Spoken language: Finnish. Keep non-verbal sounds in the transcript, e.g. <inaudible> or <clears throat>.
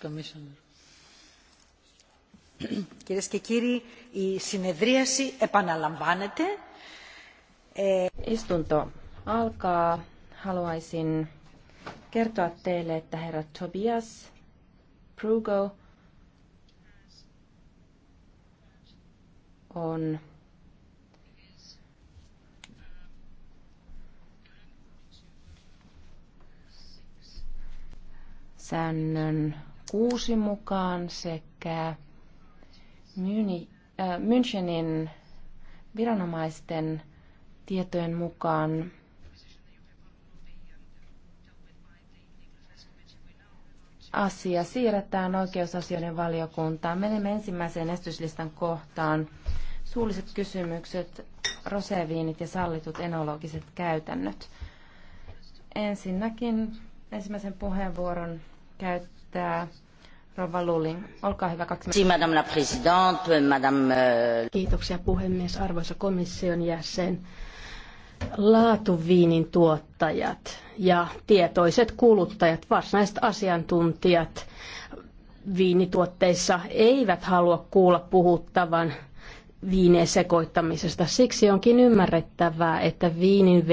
<clears throat> Κυρίες και κύριοι, η συνεδρίαση επαναλαμβάνεται. Istunto alkaa. Haluaisin kertoa teille, että herra Tobias Prugo on säännön Kuusi mukaan sekä Myni, äh, Münchenin viranomaisten tietojen mukaan asia siirretään oikeusasioiden valiokuntaan. Menemme ensimmäiseen estyslistan kohtaan. Suulliset kysymykset, roseviinit ja sallitut enologiset käytännöt. Ensinnäkin ensimmäisen puheenvuoron käyttää esittää Rova Olkaa hyvä kaksi Madame la Présidente, Madame... Euh, Kiitoksia puhemies, arvoisa komission jäsen. Laatuviinin tuottajat ja tietoiset kuluttajat, varsinaiset asiantuntijat viinituotteissa eivät halua kuulla puhuttavan viineen sekoittamisesta. Siksi onkin ymmärrettävää, että viinin